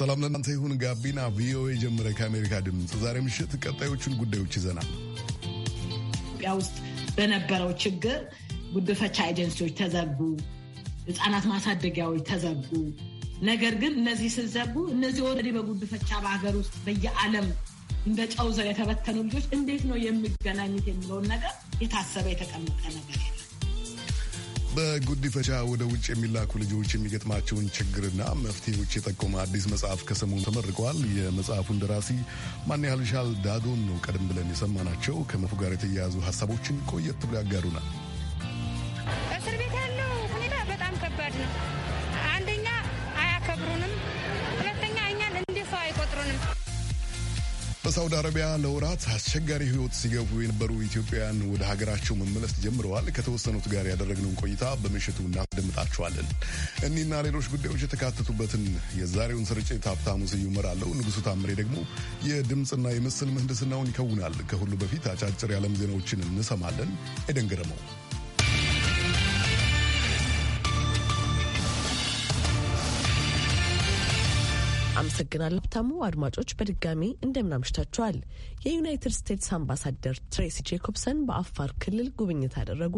ሰላም ለእናንተ ይሁን። ጋቢና ቪኦኤ ጀምረ ከአሜሪካ ድምፅ ዛሬ ምሽት ቀጣዮቹን ጉዳዮች ይዘናል። ኢትዮጵያ ውስጥ በነበረው ችግር ጉድፈቻ ኤጀንሲዎች ተዘጉ፣ ህፃናት ማሳደጊያዎች ተዘጉ። ነገር ግን እነዚህ ስዘጉ እነዚህ ወደ በጉድፈቻ በሀገር ውስጥ በየዓለም እንደ ጨው ዘር የተበተኑ ልጆች እንዴት ነው የሚገናኙት የሚለውን ነገር የታሰበ የተቀመጠ ነገር በጉዲፈቻ ወደ ውጭ የሚላኩ ልጆች የሚገጥማቸውን ችግርና መፍትሄዎች የጠቆመ አዲስ መጽሐፍ ከሰሞኑ ተመርቀዋል። የመጽሐፉን ደራሲ ማን ያህል ሻል ዳዶን ነው ቀደም ብለን የሰማናቸው። ከመፉ ጋር የተያያዙ ሀሳቦችን ቆየት ብሎ ያጋሩናል። በሳውዲ አረቢያ ለወራት አስቸጋሪ ህይወት ሲገቡ የነበሩ ኢትዮጵያውያን ወደ ሀገራቸው መመለስ ጀምረዋል። ከተወሰኑት ጋር ያደረግነውን ቆይታ በምሽቱ እናስደምጣችኋለን። እኒህና ሌሎች ጉዳዮች የተካተቱበትን የዛሬውን ስርጭት ሀብታሙ ስዩም እመራለሁ። ታምሬ ደግሞ የድምፅና የምስል ምህንድስናውን ይከውናል። ከሁሉ በፊት አጫጭር የዓለም ዜናዎችን እንሰማለን። ኤደን ገረመው አመሰግናለሁ ሀብታሙ። አድማጮች በድጋሚ እንደምናምሽታችኋል። የዩናይትድ ስቴትስ አምባሳደር ትሬሲ ጄኮብሰን በአፋር ክልል ጉብኝት አደረጉ።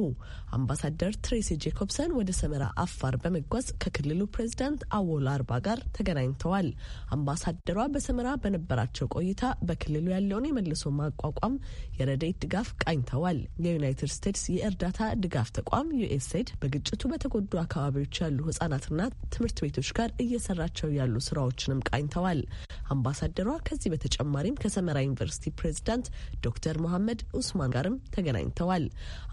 አምባሳደር ትሬሲ ጄኮብሰን ወደ ሰመራ አፋር በመጓዝ ከክልሉ ፕሬዚዳንት አወል አርባ ጋር ተገናኝተዋል። አምባሳደሯ በሰመራ በነበራቸው ቆይታ በክልሉ ያለውን የመልሶ ማቋቋም የረዴት ድጋፍ ቃኝተዋል። የዩናይትድ ስቴትስ የእርዳታ ድጋፍ ተቋም ዩኤስኤድ በግጭቱ በተጎዱ አካባቢዎች ያሉ ህጻናትና ትምህርት ቤቶች ጋር እየሰራቸው ያሉ ስራዎችንም ቃኝተዋል። አምባሳደሯ ከዚህ በተጨማሪም ከሰመራ ዩኒቨርሲቲ ፕሬዝዳንት ዶክተር መሐመድ ኡስማን ጋርም ተገናኝተዋል።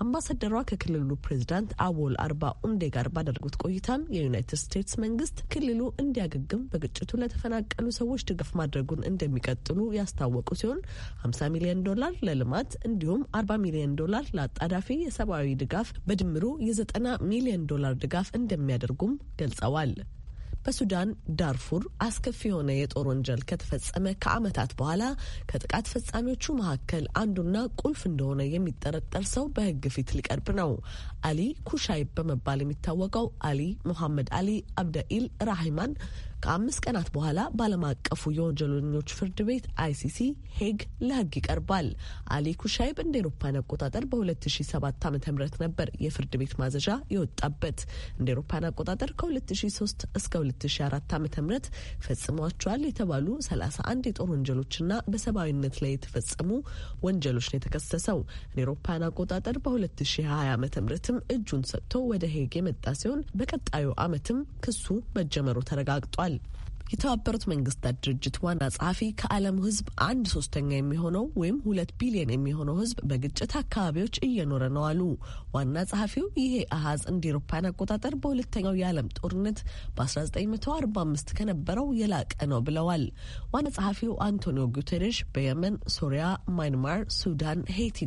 አምባሳደሯ ከክልሉ ፕሬዝዳንት አቦል አርባ ኡንዴ ጋር ባደረጉት ቆይታም የዩናይትድ ስቴትስ መንግስት ክልሉ እንዲያገግም በግጭቱ ለተፈናቀሉ ሰዎች ድጋፍ ማድረጉን እንደሚቀጥሉ ያስታወቁ ሲሆን 50 ሚሊዮን ዶላር ለልማት እንዲሁም 40 ሚሊዮን ዶላር ለአጣዳፊ የሰብአዊ ድጋፍ በድምሩ የ90 ሚሊዮን ዶላር ድጋፍ እንደሚያደርጉም ገልጸዋል። በሱዳን ዳርፉር አስከፊ የሆነ የጦር ወንጀል ከተፈጸመ ከዓመታት በኋላ ከጥቃት ፈጻሚዎቹ መካከል አንዱና ቁልፍ እንደሆነ የሚጠረጠር ሰው በሕግ ፊት ሊቀርብ ነው። አሊ ኩሻይብ በመባል የሚታወቀው አሊ ሙሐመድ አሊ አብደኢል ራሂማን ከአምስት ቀናት በኋላ በዓለም አቀፉ የወንጀለኞች ፍርድ ቤት አይሲሲ ሄግ ለህግ ይቀርባል። አሊ ኩሻይብ እንደ ኤሮፓን አቆጣጠር በ2007 ዓ ም ነበር የፍርድ ቤት ማዘዣ የወጣበት። እንደ ኤሮፓን አቆጣጠር ከ2003 እስከ 2004 ዓ ም ፈጽሟቸዋል የተባሉ 31 የጦር ወንጀሎችና በሰብአዊነት ላይ የተፈጸሙ ወንጀሎች ነው የተከሰሰው። ኔሮፓን አቆጣጠር በ2020 ዓ ምትም እጁን ሰጥቶ ወደ ሄግ የመጣ ሲሆን በቀጣዩ ዓመትም ክሱ መጀመሩ ተረጋግጧል። የተባበሩት መንግስታት ድርጅት ዋና ጸሐፊ ከዓለም ህዝብ አንድ ሶስተኛ የሚሆነው ወይም ሁለት ቢሊዮን የሚሆነው ህዝብ በግጭት አካባቢዎች እየኖረ ነው አሉ። ዋና ጸሐፊው ይሄ አሃዝ እንደ አውሮፓውያን አቆጣጠር በሁለተኛው የዓለም ጦርነት በ1945 ከነበረው የላቀ ነው ብለዋል። ዋና ጸሐፊው አንቶኒዮ ጉተሬሽ በየመን፣ ሶሪያ፣ ማይንማር፣ ሱዳን፣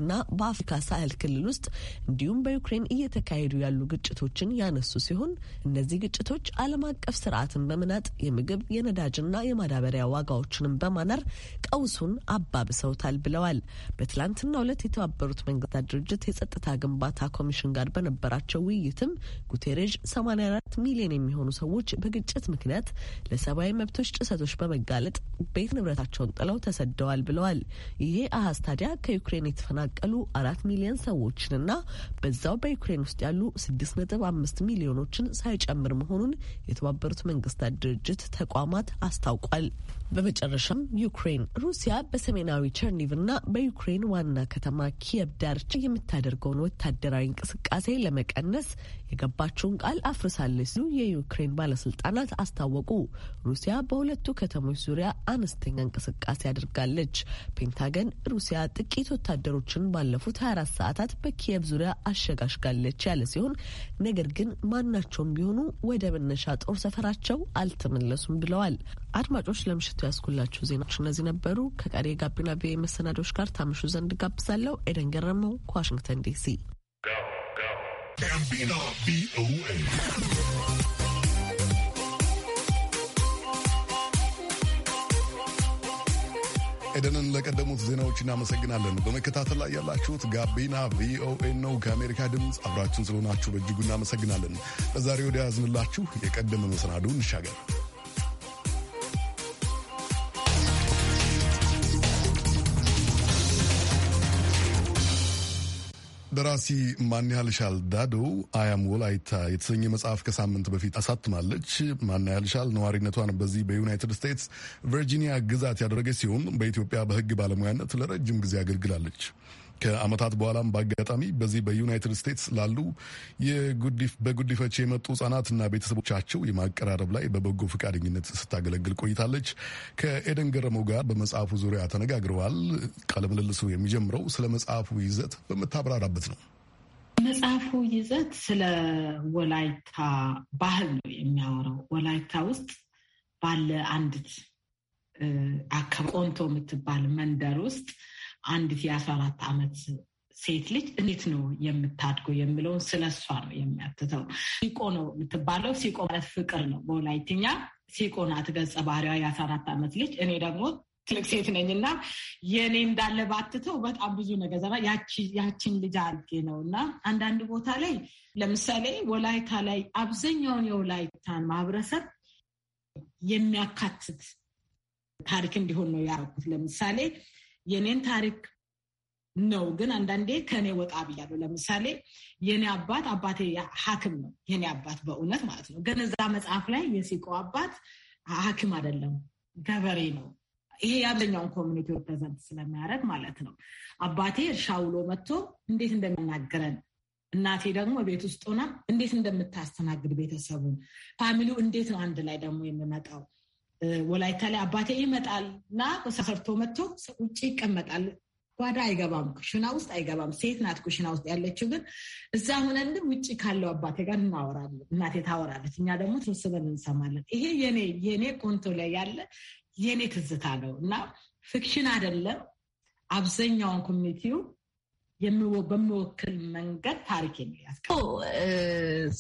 እና በአፍሪካ ሳህል ክልል ውስጥ እንዲሁም በዩክሬን እየተካሄዱ ያሉ ግጭቶችን ያነሱ ሲሆን እነዚህ ግጭቶች ዓለም አቀፍ ስርዓትን በመናጥ የምግብ የነዳጅና የማዳበሪያ ዋጋዎችንም በማናር ቀውሱን አባብሰውታል ብለዋል። በትላንትናው ዕለት የተባበሩት መንግስታት ድርጅት የጸጥታ ግንባታ ኮሚሽን ጋር በነበራቸው ውይይትም ጉቴሬዥ 84 ሚሊዮን የሚሆኑ ሰዎች በግጭት ምክንያት ለሰብአዊ መብቶች ጥሰቶች በመጋለጥ ቤት ንብረታቸውን ጥለው ተሰደዋል ብለዋል። ይሄ አሀዝ ታዲያ ከዩክሬን የተፈናቀሉ አራት ሚሊዮን ሰዎችንና በዛው በዩክሬን ውስጥ ያሉ ስድስት ነጥብ አምስት ሚሊዮኖችን ሳይጨምር መሆኑን የተባበሩት መንግስታት ድርጅት ተቋ ተቋማት አስታውቋል። በመጨረሻም ዩክሬን ሩሲያ በሰሜናዊ ቸርኒቭና በዩክሬን ዋና ከተማ ኪየቭ ዳርቻ የምታደርገውን ወታደራዊ እንቅስቃሴ ለመቀነስ የገባቸውን ቃል አፍርሳለች ሲሉ የዩክሬን ባለስልጣናት አስታወቁ። ሩሲያ በሁለቱ ከተሞች ዙሪያ አነስተኛ እንቅስቃሴ አድርጋለች። ፔንታገን ሩሲያ ጥቂት ወታደሮችን ባለፉት 24 ሰዓታት በኪየቭ ዙሪያ አሸጋሽጋለች ያለ ሲሆን ነገር ግን ማናቸውም ቢሆኑ ወደ መነሻ ጦር ሰፈራቸው አልተመለሱም ብለዋል። አድማጮች ለምሽቱ ያስኩላችሁ ዜናዎች እነዚህ ነበሩ። ከቀሪ የጋቢና ቪኦኤ መሰናዶች ጋር ታምሹ ዘንድ ጋብዛለሁ። ኤደን ገረመው ከዋሽንግተን ዲሲ። ኤደንን ለቀደሙት ዜናዎች እናመሰግናለን። በመከታተል ላይ ያላችሁት ጋቢና ቪኦኤ ነው። ከአሜሪካ ድምፅ አብራችሁን ስለሆናችሁ በእጅጉ እናመሰግናለን። ለዛሬ ወደ ያዝንላችሁ የቀደመ መሰናዱ እንሻገር። ደራሲ ማንያልሻል ዳዶ አያም ወላይታ የተሰኘ መጽሐፍ ከሳምንት በፊት አሳትማለች። ማንያልሻል ነዋሪነቷን በዚህ በዩናይትድ ስቴትስ ቨርጂኒያ ግዛት ያደረገች ሲሆን በኢትዮጵያ በሕግ ባለሙያነት ለረጅም ጊዜ አገልግላለች። ከአመታት በኋላም በአጋጣሚ በዚህ በዩናይትድ ስቴትስ ላሉ በጉዲፈች የመጡ ህጻናትና ቤተሰቦቻቸው የማቀራረብ ላይ በበጎ ፈቃደኝነት ስታገለግል ቆይታለች። ከኤደን ገረመው ጋር በመጽሐፉ ዙሪያ ተነጋግረዋል። ቃለምልልሱ የሚጀምረው ስለ መጽሐፉ ይዘት በምታብራራበት ነው። መጽሐፉ ይዘት ስለ ወላይታ ባህል ነው የሚያወራው። ወላይታ ውስጥ ባለ አንዲት አካባቢ ቆንቶ የምትባል መንደር ውስጥ አንዲት የአስራ አራት ዓመት ሴት ልጅ እንዴት ነው የምታድገው የሚለውን ስለ እሷ ነው የሚያትተው። ሲቆ ነው የምትባለው። ሲቆ ማለት ፍቅር ነው በወላይትኛ። ሲቆ ናት ገጸ ባህሪዋ የአስራ አራት ዓመት ልጅ። እኔ ደግሞ ትልቅ ሴት ነኝ እና የእኔ እንዳለ ባትተው በጣም ብዙ ነገር ያቺን ልጅ አድጌ ነው እና አንዳንድ ቦታ ላይ ለምሳሌ ወላይታ ላይ አብዛኛውን የወላይታን ማህበረሰብ የሚያካትት ታሪክ እንዲሆን ነው ያደረኩት። ለምሳሌ የኔን ታሪክ ነው። ግን አንዳንዴ ከኔ ወጣ ብያለሁ። ለምሳሌ የኔ አባት አባቴ ሐኪም ነው። የኔ አባት በእውነት ማለት ነው። ግን እዛ መጽሐፍ ላይ የሲቆ አባት ሐኪም አይደለም፣ ገበሬ ነው። ይሄ ያለኛውን ኮሚኒቲ ፕሬዘንት ስለሚያደርግ ማለት ነው። አባቴ እርሻ ውሎ መጥቶ እንዴት እንደሚናገረን እናቴ ደግሞ ቤት ውስጥ ሆና እንዴት እንደምታስተናግድ ቤተሰቡን ፋሚሊው እንዴት ነው አንድ ላይ ደግሞ የሚመጣው ወላይታ ላይ አባቴ ይመጣል እና ሰፈርቶ መጥቶ ውጭ ይቀመጣል። ጓዳ አይገባም፣ ኩሽና ውስጥ አይገባም። ሴት ናት ኩሽና ውስጥ ያለችው። ግን እዛ ሆነን ውጭ ካለው አባቴ ጋር እናወራለን፣ እናቴ ታወራለች፣ እኛ ደግሞ ተሰብስበን እንሰማለን። ይሄ የኔ የኔ ቆንቶ ላይ ያለ የኔ ትዝታ ነው እና ፊክሽን አይደለም። አብዛኛውን ኮሚኒቲው በሚወክል መንገድ ታሪክ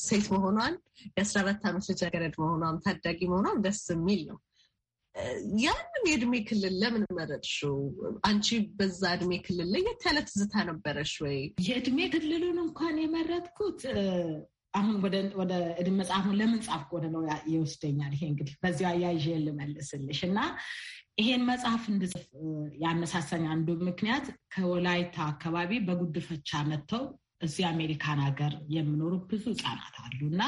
ሴት መሆኗን የአስራ አራት ዓመት ልጃገረድ መሆኗም ታዳጊ መሆኗም ደስ የሚል ነው። ያንን የእድሜ ክልል ለምን መረጥሽው? አንቺ በዛ እድሜ ክልል ለየት ያለ ትዝታ ነበረሽ ወይ? የእድሜ ክልሉን እንኳን የመረጥኩት አሁን ወደ እድሜ መጽሐፉን ለምን ጻፍኩ ነው ይወስደኛል። ይሄ እንግዲህ በዚሁ አያይዤ ልመልስልሽ እና ይሄን መጽሐፍ እንድጽፍ ያነሳሳኝ አንዱ ምክንያት ከወላይታ አካባቢ በጉድፈቻ መጥተው እዚህ አሜሪካን ሀገር የሚኖሩ ብዙ ህጻናት አሉ እና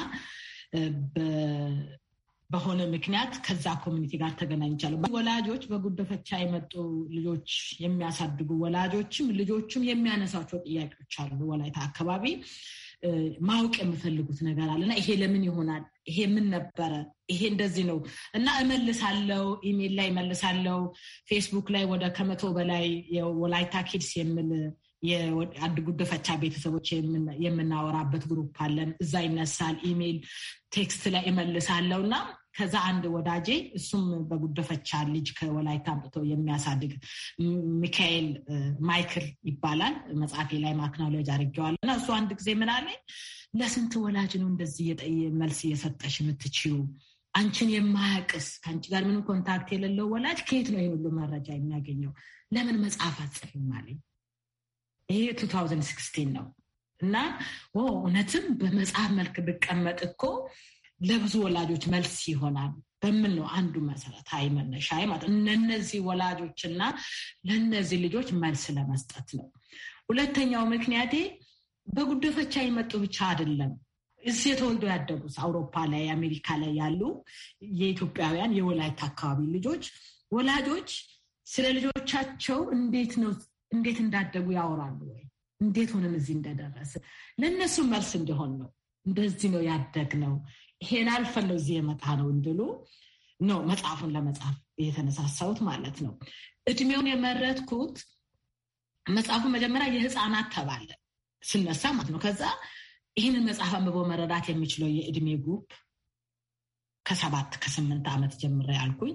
በሆነ ምክንያት ከዛ ኮሚኒቲ ጋር ተገናኝቻለሁ። ወላጆች በጉደፈቻ የመጡ ልጆች የሚያሳድጉ ወላጆችም ልጆቹም የሚያነሳቸው ጥያቄዎች አሉ። ወላይታ አካባቢ ማወቅ የምፈልጉት ነገር እና ይሄ ለምን ይሆናል? ይሄ ምን ነበረ? ይሄ እንደዚህ ነው እና እመልሳለው። ኢሜል ላይ እመልሳለው። ፌስቡክ ላይ ወደ ከመቶ በላይ ወላይታ ኪድስ የምል የአንድ ጉደፈቻ ቤተሰቦች የምናወራበት ግሩፕ አለን። እዛ ይነሳል። ኢሜይል ቴክስት ላይ እመልሳለው እና ከዛ አንድ ወዳጄ እሱም በጉደፈቻ ልጅ ከወላይታ አምጥቶ የሚያሳድግ ሚካኤል ማይክል ይባላል። መጽሐፌ ላይ ማክናሎጅ አድርጌዋለሁ እና እሱ አንድ ጊዜ ምናለ ለስንት ወላጅ ነው እንደዚህ መልስ እየሰጠሽ የምትችይው? አንቺን የማያቅስ ከአንቺ ጋር ምንም ኮንታክት የሌለው ወላጅ ከየት ነው ይህን ሁሉ መረጃ የሚያገኘው? ለምን መጽሐፍ አትጽፊም አለኝ። ይሄ 2016 ነው እና እውነትም በመጽሐፍ መልክ ብቀመጥ እኮ ለብዙ ወላጆች መልስ ይሆናል በምን ነው አንዱ መሰረታዊ መነሻ ማለት ለነዚህ እና ለነዚህ ልጆች መልስ ለመስጠት ነው። ሁለተኛው ምክንያቴ በጉደፈቻ የመጡ ብቻ አይደለም። እዚህ የተወልዶ ያደጉት አውሮፓ ላይ አሜሪካ ላይ ያሉ የኢትዮጵያውያን የወላይታ አካባቢ ልጆች ወላጆች ስለ ልጆቻቸው እንዴት ነው እንዴት እንዳደጉ ያወራሉ ወይ እንዴት ሆነን እዚህ እንደደረስ ለእነሱ መልስ እንዲሆን ነው። እንደዚህ ነው ያደግ ነው ይሄን አልፈለው እዚህ የመጣ ነው እንድሉ ነው መጽሐፉን ለመጻፍ የተነሳሳሁት ማለት ነው። እድሜውን የመረጥኩት መጽሐፉ መጀመሪያ የህፃናት ተባለ ስነሳ ማለት ነው። ከዛ ይህንን መጽሐፍ አንብቦ መረዳት የሚችለው የእድሜ ግሩፕ ከሰባት ከስምንት ዓመት ጀምሬ ያልኩኝ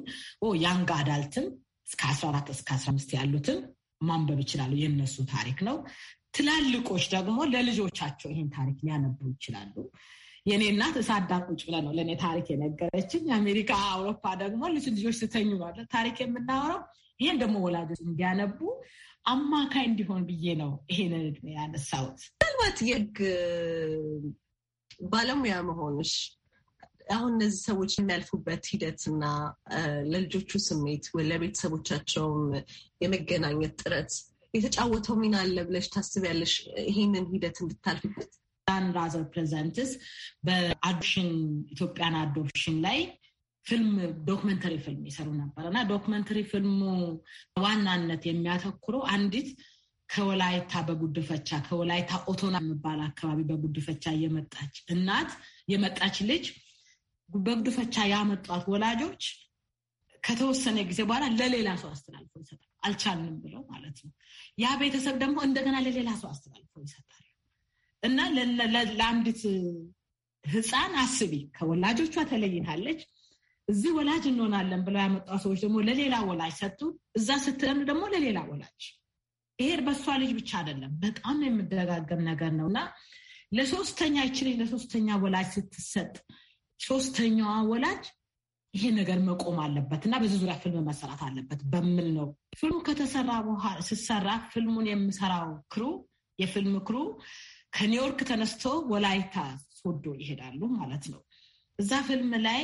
ያንግ አዳልትም እስከ አስራ አራት እስከ አስራ አምስት ያሉትም ማንበብ ይችላሉ። የእነሱ ታሪክ ነው። ትላልቆች ደግሞ ለልጆቻቸው ይህን ታሪክ ሊያነቡ ይችላሉ። የኔ እናት ሳዳም ቁጭ ነው ለእኔ ታሪክ የነገረችኝ። አሜሪካ አውሮፓ ደግሞ ልጅ ልጆች ስተኙ ታሪክ የምናወራው ይሄን ደግሞ ወላጆች እንዲያነቡ አማካይ እንዲሆን ብዬ ነው ይሄንን እድሜ ያነሳሁት። ምናልባት የህግ ባለሙያ መሆንሽ አሁን እነዚህ ሰዎች የሚያልፉበት ሂደትና ለልጆቹ ስሜት ለቤተሰቦቻቸውም የመገናኘት ጥረት የተጫወተው ሚና አለ ብለሽ ታስቢያለሽ? ይህንን ሂደት እንድታልፍበት ዳን ራዘር ፕሬዘንትስ በአዶፕሽን ኢትዮጵያን አዶፕሽን ላይ ፊልም ዶክመንተሪ ፊልም ይሰሩ ነበር እና ዶክመንተሪ ፊልሙ ዋናነት የሚያተኩረው አንዲት ከወላይታ በጉድፈቻ ከወላይታ ኦቶና የሚባል አካባቢ በጉድፈቻ የመጣች እናት የመጣች ልጅ በጉድፈቻ ያመጧት ወላጆች ከተወሰነ ጊዜ በኋላ ለሌላ ሰው አስተላልፎ ይሰጣል። አልቻልንም ብለው ማለት ነው። ያ ቤተሰብ ደግሞ እንደገና ለሌላ ሰው አስተላልፎ ይሰጣል። እና ለአንዲት ህፃን አስቢ፣ ከወላጆቿ ተለይታለች። እዚህ ወላጅ እንሆናለን ብለው ያመጣ ሰዎች ደግሞ ለሌላ ወላጅ ሰጡ። እዛ ስትለም ደግሞ ለሌላ ወላጅ። ይሄ በእሷ ልጅ ብቻ አይደለም፣ በጣም የምደጋገም ነገር ነው እና ለሶስተኛ ይችልኝ ለሶስተኛ ወላጅ ስትሰጥ ሶስተኛዋ ወላጅ ይሄ ነገር መቆም አለበት እና በዚህ ዙሪያ ፊልም መሰራት አለበት በሚል ነው ፊልሙ ከተሰራ በኋላ ስሰራ ፊልሙን የምሰራው ክሩ የፊልም ክሩ ከኒውዮርክ ተነስቶ ወላይታ ሶዶ ይሄዳሉ ማለት ነው። እዛ ፊልም ላይ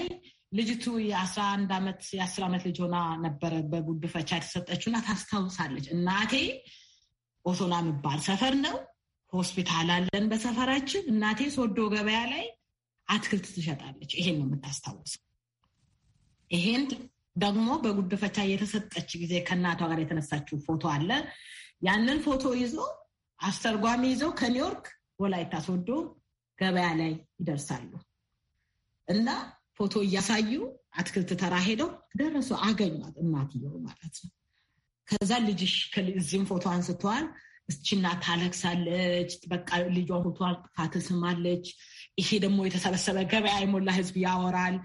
ልጅቱ የአስራ አንድ ዓመት የአስር ዓመት ልጅ ሆና ነበረ በጉድፈቻ የተሰጠችው እና ታስታውሳለች። እናቴ ኦቶና የሚባል ሰፈር ነው ሆስፒታል አለን በሰፈራችን። እናቴ ሶዶ ገበያ ላይ አትክልት ትሸጣለች። ይሄን ነው የምታስታውሰው። ይሄን ደግሞ በጉድፈቻ የተሰጠች ጊዜ ከእናቷ ጋር የተነሳችው ፎቶ አለ። ያንን ፎቶ ይዞ አስተርጓሚ ይዘው ከኒውዮርክ ወላይታ ሶዶ ገበያ ላይ ይደርሳሉ እና ፎቶ እያሳዩ አትክልት ተራ ሄደው ደረሱ። አገኟት፣ እናትየው ማለት ነው። ከዛ ልጅሽ እዚህም ፎቶ አንስተዋል እስችና ታለቅሳለች። በቃ ልጇ ፎቶ ታትስማለች። ይሄ ደግሞ የተሰበሰበ ገበያ የሞላ ህዝብ ያወራል።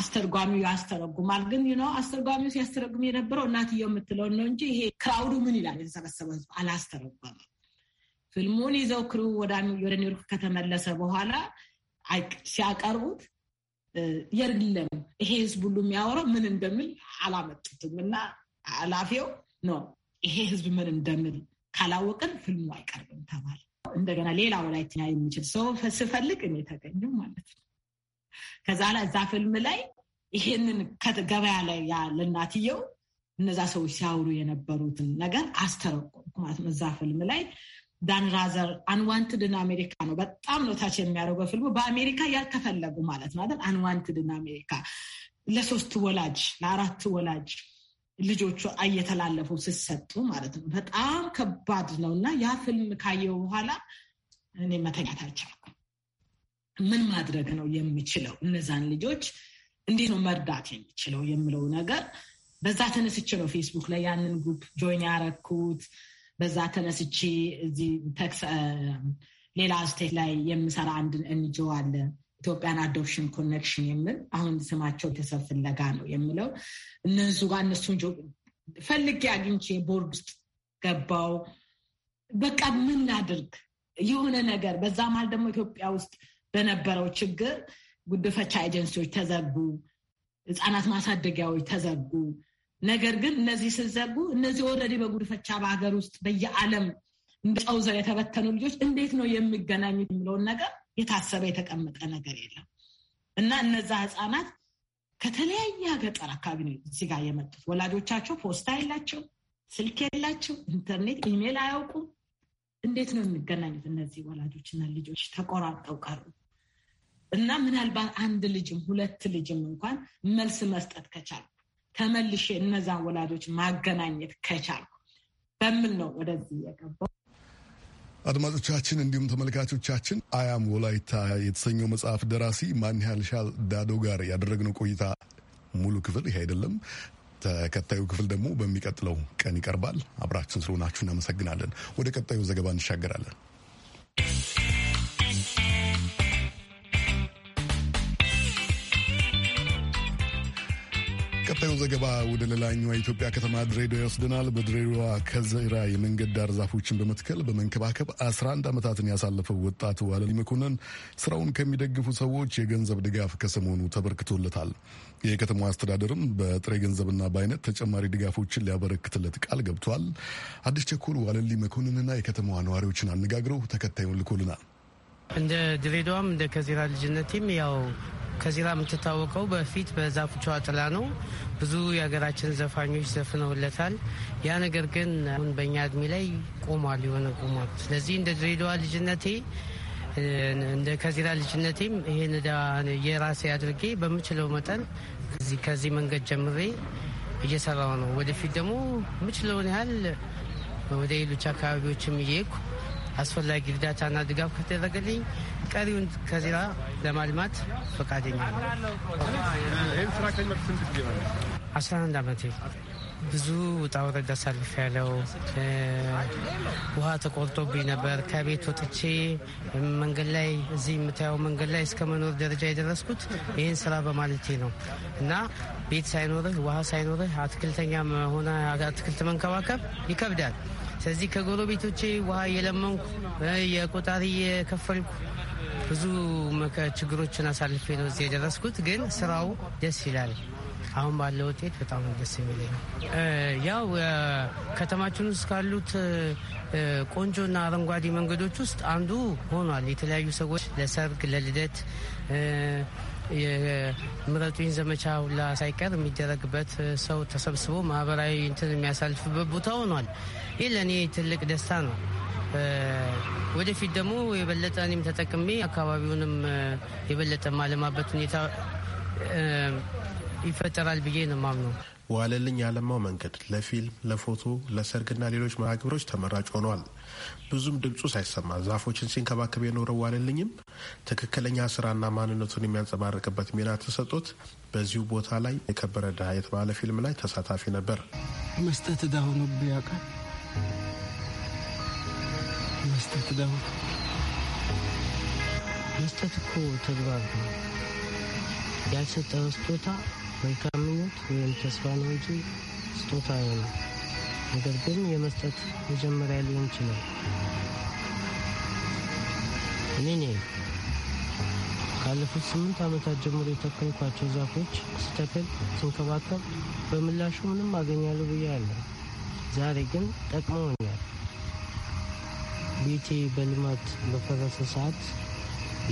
አስተርጓሚው ያስተረጉማል። ግን ነው አስተርጓሚው ሲያስተረጉም የነበረው እናትየው የምትለውን ነው እንጂ ይሄ ክራውዱ ምን ይላል የተሰበሰበ ህዝብ አላስተረጓመም። ፊልሙን ይዘው ክሩ ወደ ኒውዮርክ ከተመለሰ በኋላ ሲያቀርቡት የለም ይሄ ህዝብ ሁሉ የሚያወራው ምን እንደሚል አላመጡትም እና ኃላፊው ነው ይሄ ህዝብ ምን እንደምል ካላወቅን ፊልሙ አይቀርብም ተባለ። እንደገና ሌላ ወላይትኛ የሚችል ሰው ስፈልግ እኔ ተገኘው ማለት ነው። ከዛ ላይ እዛ ፊልም ላይ ይሄንን ገበያ ላይ ያለ እናትየው እነዛ ሰዎች ሲያወሩ የነበሩትን ነገር አስተረቆምኩ ማለት ነው። እዛ ፊልም ላይ ዳን ራዘር አንዋንትድን አሜሪካ ነው። በጣም ነው ታች የሚያደርገው ፊልሙ። በአሜሪካ ያልተፈለጉ ማለት ነው አይደል? አንዋንትድን አሜሪካ ለሶስት ወላጅ ለአራት ወላጅ ልጆቹ እየተላለፉ ሲሰጡ ማለት ነው። በጣም ከባድ ነው እና ያ ፊልም ካየው በኋላ እኔ መተኛት አልቻልኩም። ምን ማድረግ ነው የሚችለው እነዛን ልጆች እንዴት ነው መርዳት የሚችለው የምለው ነገር በዛ ተነስቼ ነው ፌስቡክ ላይ ያንን ግሩፕ ጆይን ያረኩት። በዛ ተነስቼ እዚህ ሌላ ስቴት ላይ የምሰራ አንድ እንጆ አለ ኢትዮጵያን አዶፕሽን ኮኔክሽን የምል አሁን ስማቸው ቤተሰብ ፍለጋ ነው የምለው። እነሱ ጋር እነሱ ፈልጌ አግኝቼ ቦርድ ውስጥ ገባው። በቃ ምን ላድርግ የሆነ ነገር። በዛ ማል ደግሞ ኢትዮጵያ ውስጥ በነበረው ችግር ጉድፈቻ ኤጀንሲዎች ተዘጉ፣ ህፃናት ማሳደጊያዎች ተዘጉ። ነገር ግን እነዚህ ስዘጉ እነዚህ ኦልሬዲ በጉድፈቻ በሀገር ውስጥ በየዓለም እንደ የተበተኑ ልጆች እንዴት ነው የሚገናኙት የሚለውን ነገር የታሰበ የተቀመጠ ነገር የለም እና እነዛ ህፃናት ከተለያየ ገጠር አካባቢ ነው እዚህ ጋር የመጡት። ወላጆቻቸው ፖስታ የላቸው፣ ስልክ የላቸው፣ ኢንተርኔት ኢሜል አያውቁም። እንዴት ነው የሚገናኙት? እነዚህ ወላጆችና ልጆች ተቆራጠው ቀሩ እና ምናልባት አንድ ልጅም ሁለት ልጅም እንኳን መልስ መስጠት ከቻሉ ተመልሼ እነዛን ወላጆች ማገናኘት ከቻልኩ በምን ነው ወደዚህ የገባው። አድማጮቻችን እንዲሁም ተመልካቾቻችን አያም ወላይታ የተሰኘው መጽሐፍ ደራሲ ማን ያልሻል ዳዶ ጋር ያደረግነው ቆይታ ሙሉ ክፍል ይህ አይደለም። ተከታዩ ክፍል ደግሞ በሚቀጥለው ቀን ይቀርባል። አብራችን ስለሆናችሁ እናመሰግናለን። ወደ ቀጣዩ ዘገባ እንሻገራለን። ቀጣዩ ዘገባ ወደ ሌላኛዋ የኢትዮጵያ ከተማ ድሬዳዋ ይወስደናል። በድሬዳዋ ከዘራ የመንገድ ዳር ዛፎችን በመትከል በመንከባከብ 11 ዓመታትን ያሳለፈው ወጣቱ አለልኝ መኮንን ስራውን ከሚደግፉ ሰዎች የገንዘብ ድጋፍ ከሰሞኑ ተበርክቶለታል። የከተማ አስተዳደርም በጥሬ ገንዘብና በአይነት ተጨማሪ ድጋፎችን ሊያበረክትለት ቃል ገብቷል። አዲስ ቸኮል አለልኝ መኮንንና የከተማዋ ነዋሪዎችን አነጋግረው ተከታዩን ልኮልናል። እንደ ድሬዳዋም እንደ ከዜራ ልጅነቴም ያው ከዜራ የምትታወቀው በፊት በዛፉቿ ጥላ ነው። ብዙ የሀገራችን ዘፋኞች ዘፍነውለታል። ያ ነገር ግን አሁን በእኛ እድሜ ላይ ቆሟል፣ የሆነ ቆሟል። ስለዚህ እንደ ድሬዳዋ ልጅነቴ እንደ ከዜራ ልጅነቴም ይሄን የራሴ አድርጌ በምችለው መጠን ከዚህ መንገድ ጀምሬ እየሰራው ነው። ወደፊት ደግሞ ምችለውን ያህል ወደ ሌሎች አካባቢዎችም እየሄድኩ አስፈላጊ እርዳታና ድጋፍ ከተደረገልኝ ቀሪውን ከዜራ ለማልማት ፈቃደኛ ነው። አስራ አንድ ዓመቴ ብዙ ውጣ ወረድ አሳልፍ ያለው ውሃ ተቆርጦብኝ ነበር። ከቤት ወጥቼ መንገድ ላይ እዚህ የምታየው መንገድ ላይ እስከ መኖር ደረጃ የደረስኩት ይህን ስራ በማለቴ ነው እና ቤት ሳይኖርህ ውሃ ሳይኖርህ አትክልተኛ ሆነ አትክልት መንከባከብ ይከብዳል። ከዚህ ከጎረቤቶቼ ውሃ እየለመንኩ የቆጣሪ እየከፈልኩ ብዙ ችግሮችን አሳልፌ ነው እዚህ የደረስኩት። ግን ስራው ደስ ይላል። አሁን ባለው ውጤት በጣም ደስ ነው። ያው ከተማችን ውስጥ ካሉት ቆንጆና አረንጓዴ መንገዶች ውስጥ አንዱ ሆኗል። የተለያዩ ሰዎች ለሰርግ፣ ለልደት የምረጡኝ ዘመቻ ሁላ ሳይቀር የሚደረግበት ሰው ተሰብስቦ ማህበራዊ እንትን የሚያሳልፍበት ቦታ ሆኗል። ይህ ለእኔ ትልቅ ደስታ ነው። ወደፊት ደግሞ የበለጠ እኔም ተጠቅሜ አካባቢውንም የበለጠ ማለማበት ሁኔታ ይፈጠራል ብዬ ነው ማምነው። ዋለልኝ ያለማው መንገድ ለፊልም፣ ለፎቶ፣ ለሰርግና ሌሎች መርሃግብሮች ተመራጭ ሆኗል። ብዙም ድምፁ ሳይሰማ ዛፎችን ሲንከባከብ የኖረው ዋለልኝም ትክክለኛ ስራና ማንነቱን የሚያንጸባርቅበት ሚና ተሰጦት በዚሁ ቦታ ላይ የከበረ ድሃ የተባለ ፊልም ላይ ተሳታፊ ነበር። መስጠት ዕዳ ያውቃል መስጠት ደግሞ መስጠት እኮ ተግባር ነው። ያልሰጠነው ስጦታ መልካም ምኞት ወይም ተስፋ ነው እንጂ ስጦታ ነው። ነገር ግን የመስጠት መጀመሪያ ሊሆን ይችላል። እኔ ነኝ ካለፉት ስምንት ዓመታት ጀምሮ የተከልኳቸው ዛፎች ስተክል ስንከባከብ፣ በምላሹ ምንም አገኛለሁ ብዬ አለ ዛሬ ግን ጠቅመውኛል። ቤቴ በልማት በፈረሰ ሰዓት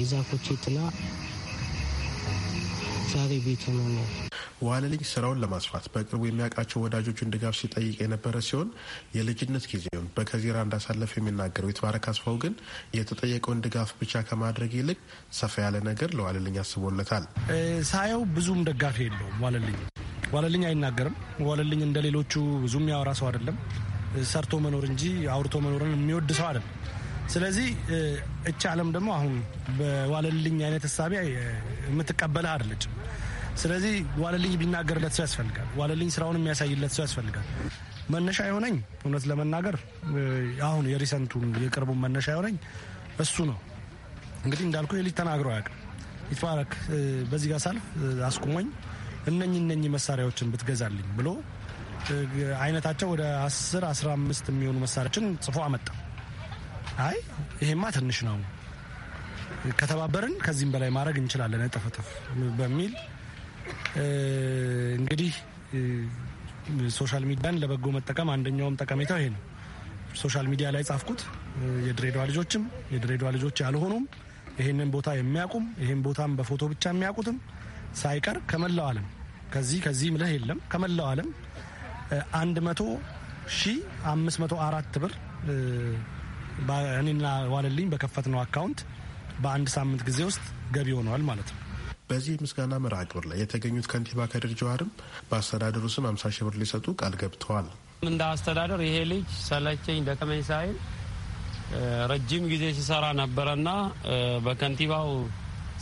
የዛፎቼ ጥላ ዛሬ ቤት ሆኖኛል። ዋለልኝ ስራውን ለማስፋት በቅርቡ የሚያውቃቸው ወዳጆቹን ድጋፍ ሲጠይቅ የነበረ ሲሆን የልጅነት ጊዜውን በከዜራ እንዳሳለፍ የሚናገረው የተባረክ አስፋው ግን የተጠየቀውን ድጋፍ ብቻ ከማድረግ ይልቅ ሰፋ ያለ ነገር ለዋለልኝ አስቦለታል። ሳየው ብዙም ደጋፊ የለውም ዋለልኝ ዋለልኝ አይናገርም። ዋለልኝ እንደ ሌሎቹ ብዙ የሚያወራ ሰው አይደለም። ሰርቶ መኖር እንጂ አውርቶ መኖርን የሚወድ ሰው አይደለም። ስለዚህ እች ዓለም ደግሞ አሁን በዋለልኝ አይነት እሳቤ የምትቀበልህ አይደለችም። ስለዚህ ዋለልኝ ቢናገርለት ሰው ያስፈልጋል። ዋለልኝ ስራውን የሚያሳይለት ሰው ያስፈልጋል። መነሻ የሆነኝ እውነት ለመናገር አሁን የሪሰንቱን የቅርቡን መነሻ የሆነኝ እሱ ነው። እንግዲህ እንዳልኩ የልጅ ተናግረው አያውቅም። ይትባረክ በዚህ ጋር ሳልፍ አስቁሞኝ እነኝ እነኚህ መሳሪያዎችን ብትገዛልኝ ብሎ አይነታቸው ወደ 10 15 የሚሆኑ መሳሪያዎችን ጽፎ አመጣ። አይ ይሄማ ትንሽ ነው፣ ከተባበርን ከዚህም በላይ ማድረግ እንችላለን፣ እጥፍጥፍ በሚል እንግዲህ ሶሻል ሚዲያን ለበጎ መጠቀም አንደኛውም ጠቀሜታው ይሄ ነው። ሶሻል ሚዲያ ላይ ጻፍኩት። የድሬዳዋ ልጆችም የድሬዳዋ ልጆች ያልሆኑም ይህንን ቦታ የሚያውቁም ይህን ቦታም በፎቶ ብቻ የሚያውቁትም ሳይቀር ከመላው ዓለም ከዚህ ከዚህ ምለህ የለም ከመላው ዓለም መቶ ሺህ አራት ብር እኔና ዋለልኝ በከፈትነው አካውንት በአንድ ሳምንት ጊዜ ውስጥ ገቢ ሆነዋል ማለት ነው። በዚህ ምስጋና መርሃ ግብር ላይ የተገኙት ከንቲባ ከድር ጀዋርም በአስተዳደሩ ስም አምሳ ሺህ ብር ሊሰጡ ቃል ገብተዋል። እንደ አስተዳደር ይሄ ልጅ ሰለቸኝ ደከመኝ ሳይል ረጅም ጊዜ ሲሰራ ነበረና በከንቲባው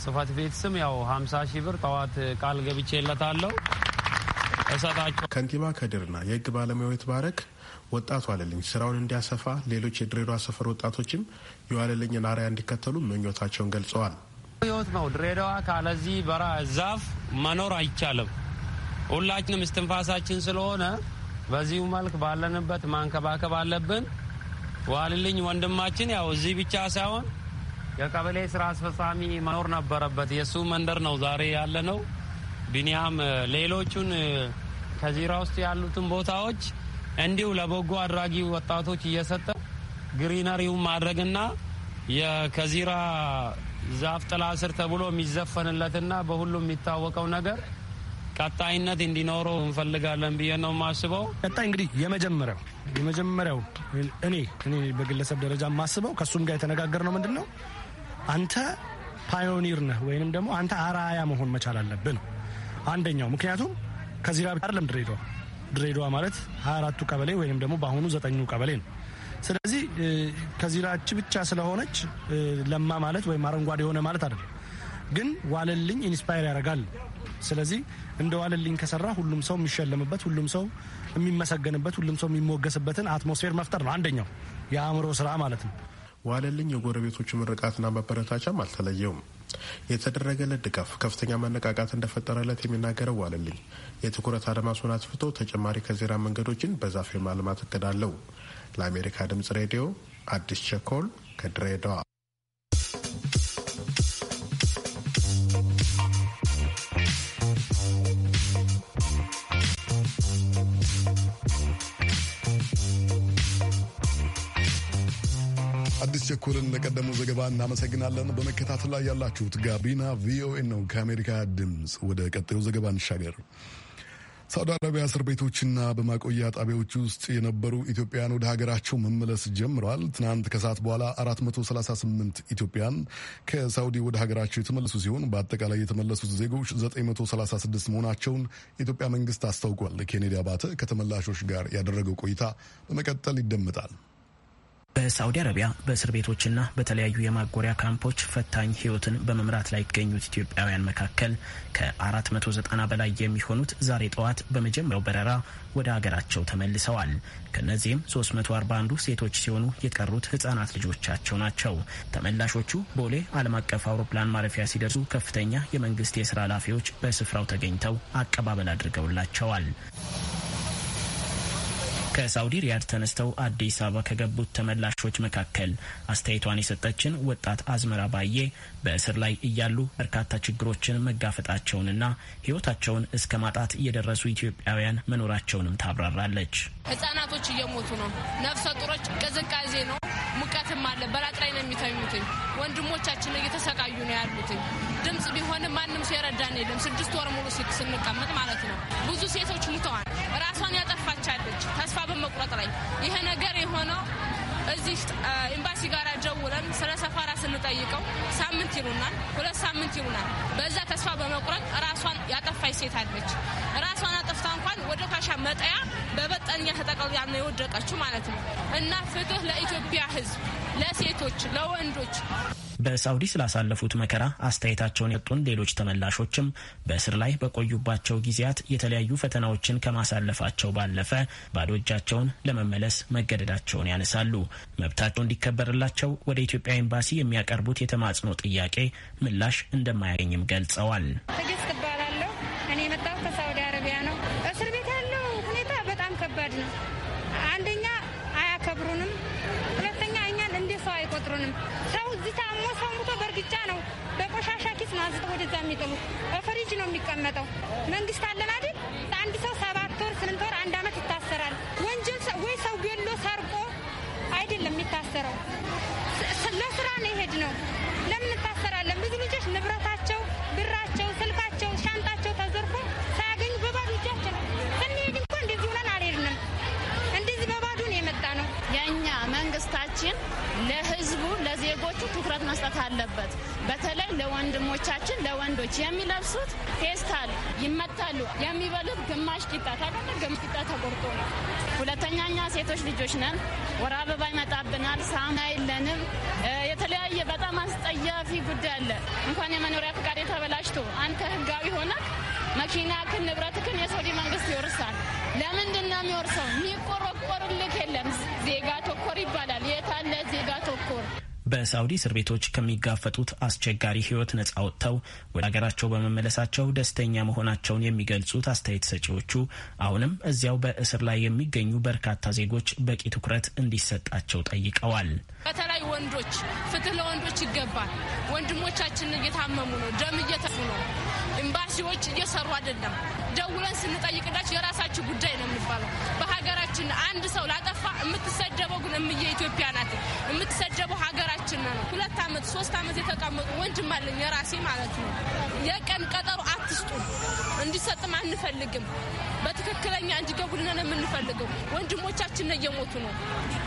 ጽህፈት ቤት ስም ያው ሀምሳ ሺህ ብር ጠዋት ቃል ገብቼ ለታለው እሰጣቸው። ከንቲባ ከድርና የህግ ባለሙያዊት ባረክ ወጣቱ አለልኝ ስራውን እንዲያሰፋ ሌሎች የድሬዳዋ ሰፈር ወጣቶችም የዋለልኝን አርያ እንዲከተሉ ምኞታቸውን ገልጸዋል። ህይወት ነው ድሬዳዋ ካለዚህ በራ ዛፍ መኖር አይቻልም። ሁላችንም እስትንፋሳችን ስለሆነ በዚሁ መልክ ባለንበት ማንከባከብ አለብን። ዋልልኝ ወንድማችን ያው እዚህ ብቻ ሳይሆን የቀበሌ ስራ አስፈጻሚ መኖር ነበረበት። የእሱ መንደር ነው ዛሬ ያለ ነው። ቢኒያም ሌሎቹን ከዚራ ውስጥ ያሉትን ቦታዎች እንዲሁ ለበጎ አድራጊ ወጣቶች እየሰጠ ግሪነሪውን ማድረግና ከዚራ ዛፍ ጥላ ስር ተብሎ የሚዘፈንለትና በሁሉም የሚታወቀው ነገር ቀጣይነት እንዲኖረው እንፈልጋለን ብዬ ነው የማስበው። ቀጣይ እንግዲህ የመጀመሪያው የመጀመሪያው እኔ እኔ በግለሰብ ደረጃ የማስበው ከእሱም ጋር የተነጋገር ነው ምንድን ነው አንተ ፓዮኒር ነህ ወይንም ደግሞ አንተ አራያ መሆን መቻል አለብን ነው አንደኛው። ምክንያቱም ከዚህ ጋር አይደለም ድሬዳዋ ድሬዳዋ ማለት 24ቱ ቀበሌ ወይንም ደግሞ በአሁኑ ዘጠኙ ቀበሌ ነው። ስለዚህ ከዚራች ብቻ ስለሆነች ለማ ማለት ወይም አረንጓዴ የሆነ ማለት አይደለም፣ ግን ዋለልኝ ኢንስፓየር ያደርጋል። ስለዚህ እንደ ዋለልኝ ከሰራ ሁሉም ሰው የሚሸለምበት፣ ሁሉም ሰው የሚመሰገንበት፣ ሁሉም ሰው የሚሞገስበትን አትሞስፌር መፍጠር ነው አንደኛው የአእምሮ ስራ ማለት ነው። ዋለልኝ የጎረቤቶቹ ምርቃትና ማበረታቻም አልተለየውም። የተደረገለት ድጋፍ ከፍተኛ መነቃቃት እንደፈጠረለት የሚናገረው ዋለልኝ የትኩረት አድማሱን አስፍቶ ተጨማሪ ከዜራ መንገዶችን በዛፍ የማልማት እቅድ አለው። ለአሜሪካ ድምጽ ሬዲዮ አዲስ ቸኮል ከድሬዳዋ ቸኮልን ለቀደመው ዘገባ እናመሰግናለን። በመከታተል ላይ ያላችሁት ጋቢና ቪኦኤ ነው ከአሜሪካ ድምፅ። ወደ ቀጣዩ ዘገባ እንሻገር። ሳውዲ አረቢያ እስር ቤቶችና በማቆያ ጣቢያዎች ውስጥ የነበሩ ኢትዮጵያን ወደ ሀገራቸው መመለስ ጀምረዋል። ትናንት ከሰዓት በኋላ 438 ኢትዮጵያን ከሳውዲ ወደ ሀገራቸው የተመለሱ ሲሆን በአጠቃላይ የተመለሱት ዜጎች 936 መሆናቸውን የኢትዮጵያ መንግስት አስታውቋል። ኬኔዲ አባተ ከተመላሾች ጋር ያደረገው ቆይታ በመቀጠል ይደመጣል። በሳውዲ አረቢያ በእስር ቤቶችና በተለያዩ የማጎሪያ ካምፖች ፈታኝ ህይወትን በመምራት ላይ ይገኙት ኢትዮጵያውያን መካከል ከ490 በላይ የሚሆኑት ዛሬ ጠዋት በመጀመሪያው በረራ ወደ አገራቸው ተመልሰዋል። ከእነዚህም 341 ሴቶች ሲሆኑ የቀሩት ህጻናት ልጆቻቸው ናቸው። ተመላሾቹ ቦሌ ዓለም አቀፍ አውሮፕላን ማረፊያ ሲደርሱ ከፍተኛ የመንግስት የስራ ኃላፊዎች በስፍራው ተገኝተው አቀባበል አድርገውላቸዋል። ከሳውዲ ሪያድ ተነስተው አዲስ አበባ ከገቡት ተመላሾች መካከል አስተያየቷን የሰጠችን ወጣት አዝመራ ባዬ በእስር ላይ እያሉ በርካታ ችግሮችን መጋፈጣቸውንና ሕይወታቸውን እስከ ማጣት እየደረሱ ኢትዮጵያውያን መኖራቸውንም ታብራራለች። ሕጻናቶች እየሞቱ ነው። ነፍሰ ጡሮች ቅዝቃዜ ነው ሙቀትም አለ። በራቅ ላይ ነው የሚተኙትኝ። ወንድሞቻችን እየተሰቃዩ ነው ያሉትኝ። ድምፅ ቢሆንም ማንም ሰው የረዳን የለም። ስድስት ወር ሙሉ ስንቀመጥ ማለት ነው። ብዙ ሴቶች ሙተዋል። ራሷን ያጠፋቻለች ተስፋ በመቁረጥ ላይ ይሄ ነገር የሆነው እዚህ ኤምባሲ ጋር ደውለን ስለ ሰፋራ ስንጠይቀው ሳምንት ይሉናል፣ ሁለት ሳምንት ይሉናል። በዛ ተስፋ በመቁረጥ ራሷን ያጠፋች ሴት አለች። ራሷን አጠፍታ ወደ ታሻ መጠያ በበጠኛ ተጠቅልላ ነው የወደቀችው ማለት ነው። እና ፍትህ ለኢትዮጵያ ህዝብ ለሴቶች፣ ለወንዶች። በሳውዲ ስላሳለፉት መከራ አስተያየታቸውን የጡን ሌሎች ተመላሾችም በእስር ላይ በቆዩባቸው ጊዜያት የተለያዩ ፈተናዎችን ከማሳለፋቸው ባለፈ ባዶ እጃቸውን ለመመለስ መገደዳቸውን ያነሳሉ። መብታቸው እንዲከበርላቸው ወደ ኢትዮጵያ ኤምባሲ የሚያቀርቡት የተማጽኖ ጥያቄ ምላሽ እንደማያገኝም ገልጸዋል። ትግስት እባላለሁ። እኔ የመጣሁት ከሳውዲ አረቢያ ነው። እስር ከባድ ነው። አንደኛ አያከብሩንም፣ ሁለተኛ እኛን እንደ ሰው አይቆጥሩንም። ሰው እዚህ ታሞ ሰው ሙቶ በእርግጫ ነው በቆሻሻ ኪስ ነው አዝጠው ወደዛ የሚጥሉ በፍሪጅ ነው የሚቀመጠው። መንግስት አለን አይደል? አንድ ሰው ሰባት ወር ስምንት ወር አንድ አመት ይታሰራል። ወንጀል ወይ ሰው ገሎ ሰርቆ አይደለም የሚታሰረው፣ ለስራ ነው የሄድ ነው። ለምን እንታሰራለን? ብዙ ልጆች ንብረታቸው መንግስታችን ለህዝቡ ለዜጎቹ ትኩረት መስጠት አለበት። በተለይ ለወንድሞቻችን ለወንዶች የሚለብሱት ፌስታል ይመታሉ። የሚበሉት ግማሽ ቂጣ ግማሽ ቂጣ ተቆርጦ ነው። ሁለተኛኛ ሴቶች ልጆች ነን። ወር አበባ ይመጣብናል። ሳሙና የለንም። የተለያየ በጣም አስጠያፊ ጉዳይ አለ። እንኳን የመኖሪያ ፈቃድ የተበላሽቶ አንተ ህጋዊ ሆነ መኪናክን ንብረትክን የሳውዲ መንግስት ይወርሳል። ለምንድን ነው የሚወርሰው? የሚቆረቆርልክ የለም። ዜጋ ተኮር ይባላል። የታለ ዜጋ ተኮር? በሳውዲ እስር ቤቶች ከሚጋፈጡት አስቸጋሪ ህይወት ነጻ ወጥተው ወደ ሀገራቸው በመመለሳቸው ደስተኛ መሆናቸውን የሚገልጹት አስተያየት ሰጪዎቹ አሁንም እዚያው በእስር ላይ የሚገኙ በርካታ ዜጎች በቂ ትኩረት እንዲሰጣቸው ጠይቀዋል። በተለይ ወንዶች ፍትህ ለወንዶች ይገባል። ወንድሞቻችን እየታመሙ ነው፣ ደም እየተፉ ነው። ኤምባሲዎች እየሰሩ አይደለም። ደውለን ስንጠይቅዳቸው የራሳችሁ ጉዳይ ነው የሚባለው በሀገራ ሀገራችን አንድ ሰው ላጠፋ የምትሰደበው ግን እምዬ ኢትዮጵያ ናት። የምትሰደበው ሀገራችን ነው። ሁለት ዓመት ሶስት ዓመት የተቀመጡ ወንድም አለኝ የራሴ ማለት ነው። የቀን ቀጠሮ አትስጡ፣ እንዲሰጥም አንፈልግም። በትክክለኛ እንዲገቡልን የምንፈልገው ወንድሞቻችን እየሞቱ ነው።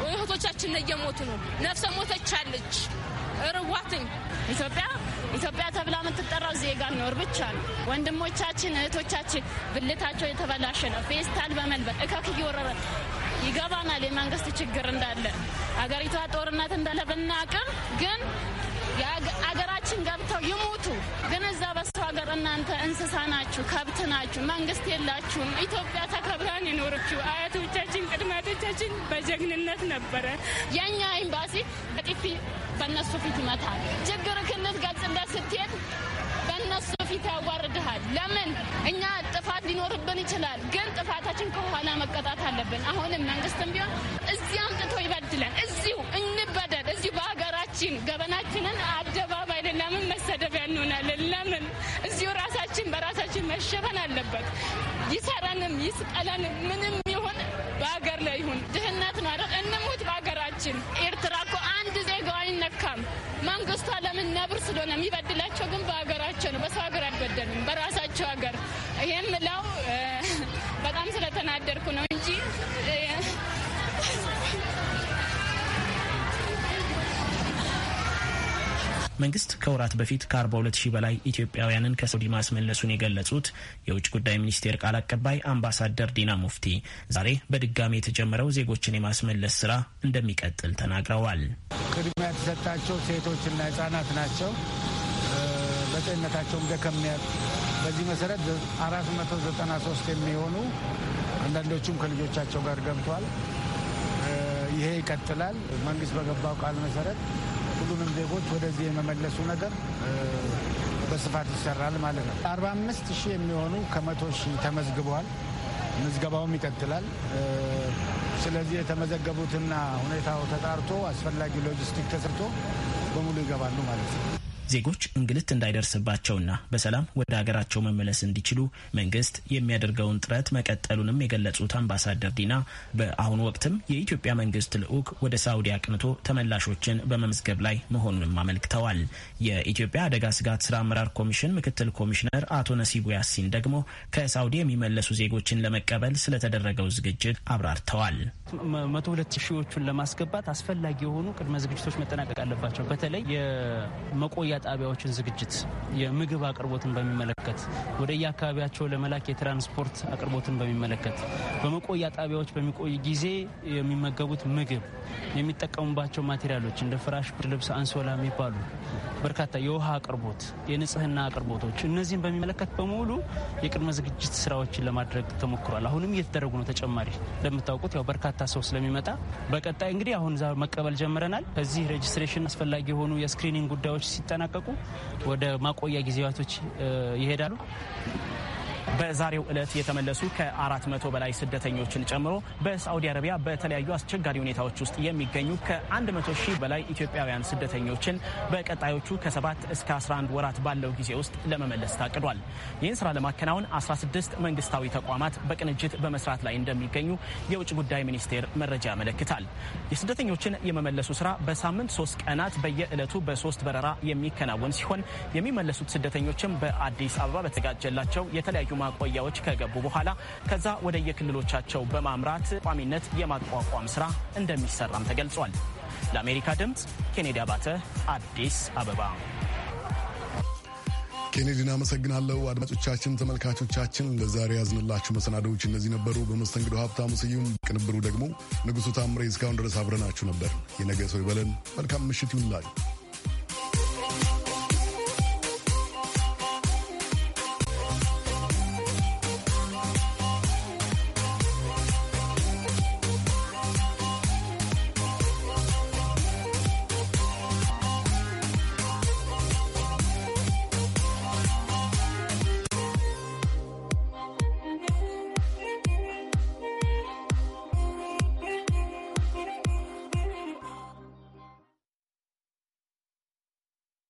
እህቶቻችን እየሞቱ ነው። ነፍሰ ሞተች አለች እርዋትኝ ኢትዮጵያ ኢትዮጵያ ተብላ የምትጠራው ዜጋ ኖር ብቻ ነው። ወንድሞቻችን እህቶቻችን ብልታቸው የተበላሸ ነው። ፌስታል በመልበል እከክ እየወረረ ይገባናል። የመንግስት ችግር እንዳለ አገሪቷ ጦርነት እንዳለ ብናቅም ግን ቤታችን ገብተው ይሞቱ። ግን እዛ በሰው ሀገር እናንተ እንስሳ ናችሁ፣ ከብት ናችሁ፣ መንግስት የላችሁም። ኢትዮጵያ ተከብራን የኖረችው አያቶቻችን፣ ቅድመ አያቶቻችን በጀግንነት ነበረ። የእኛ ኤምባሲ በጥፊ በእነሱ ፊት ይመታል። ችግር ክልል ገልጽለት ስትሄድ በእነሱ ፊት ያዋርድሃል። ለምን እኛ ጥፋት ሊኖርብን ይችላል፣ ግን ጥፋታችን ከኋላ መቀጣት አለብን። አሁንም መንግስትም ቢሆን እዚህ አምጥቶ ይበድለን፣ እዚሁ እንበደል፣ እዚሁ በሀገር ክብራችን ገበናችንን አደባባይ ለምን መሰደቢያ እንሆናለን? ለምን እዚሁ ራሳችን በራሳችን መሸፈን አለበት። ይሰራንም ይስቀለንም ምንም ይሁን በሀገር ላይ ይሁን ድህነት ነው አይደል? እንሙት በሀገራችን። ኤርትራ እኮ አንድ ዜጋው አይነካም። መንግስቷ ለምን ነብር ስለሆነ የሚበድላቸው ግን መንግስት ከወራት በፊት ከ42 ሺህ በላይ ኢትዮጵያውያንን ከሳውዲ ማስመለሱን የገለጹት የውጭ ጉዳይ ሚኒስቴር ቃል አቀባይ አምባሳደር ዲና ሙፍቲ ዛሬ በድጋሚ የተጀመረው ዜጎችን የማስመለስ ስራ እንደሚቀጥል ተናግረዋል። ቅድሚያ የተሰጣቸው ሴቶችና ህጻናት ናቸው። በጤንነታቸውም ደከም በዚህ መሰረት 493 የሚሆኑ አንዳንዶቹም ከልጆቻቸው ጋር ገብቷል። ይሄ ይቀጥላል። መንግስት በገባው ቃል መሰረት ሁሉንም ዜጎች ወደዚህ የመመለሱ ነገር በስፋት ይሰራል ማለት ነው። አርባ አምስት ሺህ የሚሆኑ ከመቶ ሺህ ተመዝግበዋል። ምዝገባውም ይቀጥላል። ስለዚህ የተመዘገቡትና ሁኔታው ተጣርቶ አስፈላጊ ሎጂስቲክ ተሰርቶ በሙሉ ይገባሉ ማለት ነው። ዜጎች እንግልት እንዳይደርስባቸውና በሰላም ወደ ሀገራቸው መመለስ እንዲችሉ መንግስት የሚያደርገውን ጥረት መቀጠሉንም የገለጹት አምባሳደር ዲና በአሁኑ ወቅትም የኢትዮጵያ መንግስት ልዑክ ወደ ሳውዲ አቅንቶ ተመላሾችን በመመዝገብ ላይ መሆኑንም አመልክተዋል። የኢትዮጵያ አደጋ ስጋት ስራ አመራር ኮሚሽን ምክትል ኮሚሽነር አቶ ነሲቡ ያሲን ደግሞ ከሳውዲ የሚመለሱ ዜጎችን ለመቀበል ስለተደረገው ዝግጅት አብራርተዋል። መቶ ሁለት ሺዎቹን ለማስገባት አስፈላጊ የሆኑ ቅድመ ዝግጅቶች መጠናቀቅ አለባቸው። በተለይ የመቆያ ጣቢያዎችን ዝግጅት፣ የምግብ አቅርቦትን በሚመለከት ወደየአካባቢያቸው ለመላክ የትራንስፖርት አቅርቦትን በሚመለከት በመቆያ ጣቢያዎች በሚቆይ ጊዜ የሚመገቡት ምግብ፣ የሚጠቀሙባቸው ማቴሪያሎች እንደ ፍራሽ፣ ልብስ፣ አንሶላ የሚባሉ በርካታ የውሃ አቅርቦት፣ የንጽህና አቅርቦቶች እነዚህን በሚመለከት በሙሉ የቅድመ ዝግጅት ስራዎችን ለማድረግ ተሞክሯል። አሁንም እየተደረጉ ነው። ተጨማሪ እንደምታውቁት ያው በርካታ ሰው ስለሚመጣ በቀጣይ እንግዲህ አሁን ዛ መቀበል ጀምረናል። ከዚህ ሬጅስትሬሽን አስፈላጊ የሆኑ የስክሪኒንግ ጉዳዮች ሲጠናቀቁ ወደ ማቆያ ጊዜያቶች ይሄዳሉ። በዛሬው ዕለት የተመለሱ ከአራት መቶ በላይ ስደተኞችን ጨምሮ በሳዑዲ አረቢያ በተለያዩ አስቸጋሪ ሁኔታዎች ውስጥ የሚገኙ ከአንድ መቶ ሺህ በላይ ኢትዮጵያውያን ስደተኞችን በቀጣዮቹ ከሰባት እስከ 11 ወራት ባለው ጊዜ ውስጥ ለመመለስ ታቅዷል። ይህን ስራ ለማከናወን 16 መንግስታዊ ተቋማት በቅንጅት በመስራት ላይ እንደሚገኙ የውጭ ጉዳይ ሚኒስቴር መረጃ ያመለክታል። የስደተኞችን የመመለሱ ስራ በሳምንት ሶስት ቀናት በየዕለቱ በሶስት በረራ የሚከናወን ሲሆን የሚመለሱት ስደተኞችም በአዲስ አበባ በተዘጋጀላቸው የተለያዩ ማቆያዎች ከገቡ በኋላ ከዛ ወደ የክልሎቻቸው በማምራት ቋሚነት የማቋቋም ስራ እንደሚሰራም ተገልጿል። ለአሜሪካ ድምፅ ኬኔዲ አባተ አዲስ አበባ። ኬኔዲን አመሰግናለሁ። አድማጮቻችን፣ ተመልካቾቻችን ለዛሬ ያዝንላችሁ መሰናዶዎች እነዚህ ነበሩ። በመስተንግዶ ሀብታሙ ስዩም፣ ቅንብሩ ደግሞ ንጉሱ ታምሬ። እስካሁን ድረስ አብረናችሁ ነበር። የነገ ሰው ይበለን። መልካም ምሽት ይሁንላችሁ።